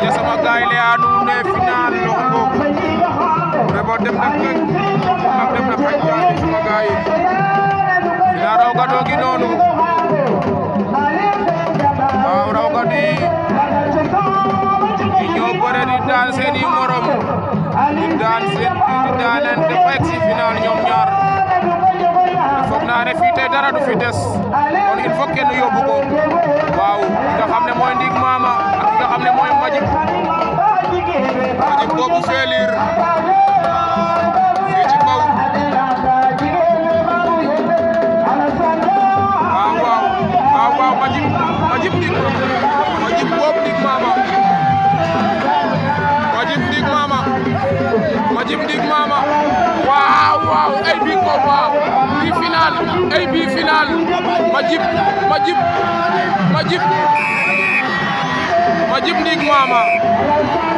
ca sama gaay le a nuun final loxo boobu Rebeu dem na kë Ngak dem na Pandiané sama gaay final raw gadoo gi noonu waaw raw gadi i ñoo bëre di daan seen morom di daan seen di daanante ba egg si final ñoom ñaar fi des kon il boobu Félire fii ci kaw waaw waaw waaw waaw ma jib ma jib ndig ma jib boob ndig maama ma jib ndig maama ma jib ndig maama waaw waaw ay bi ko waaw bi final ay bi final majib majib majib majib ma mama.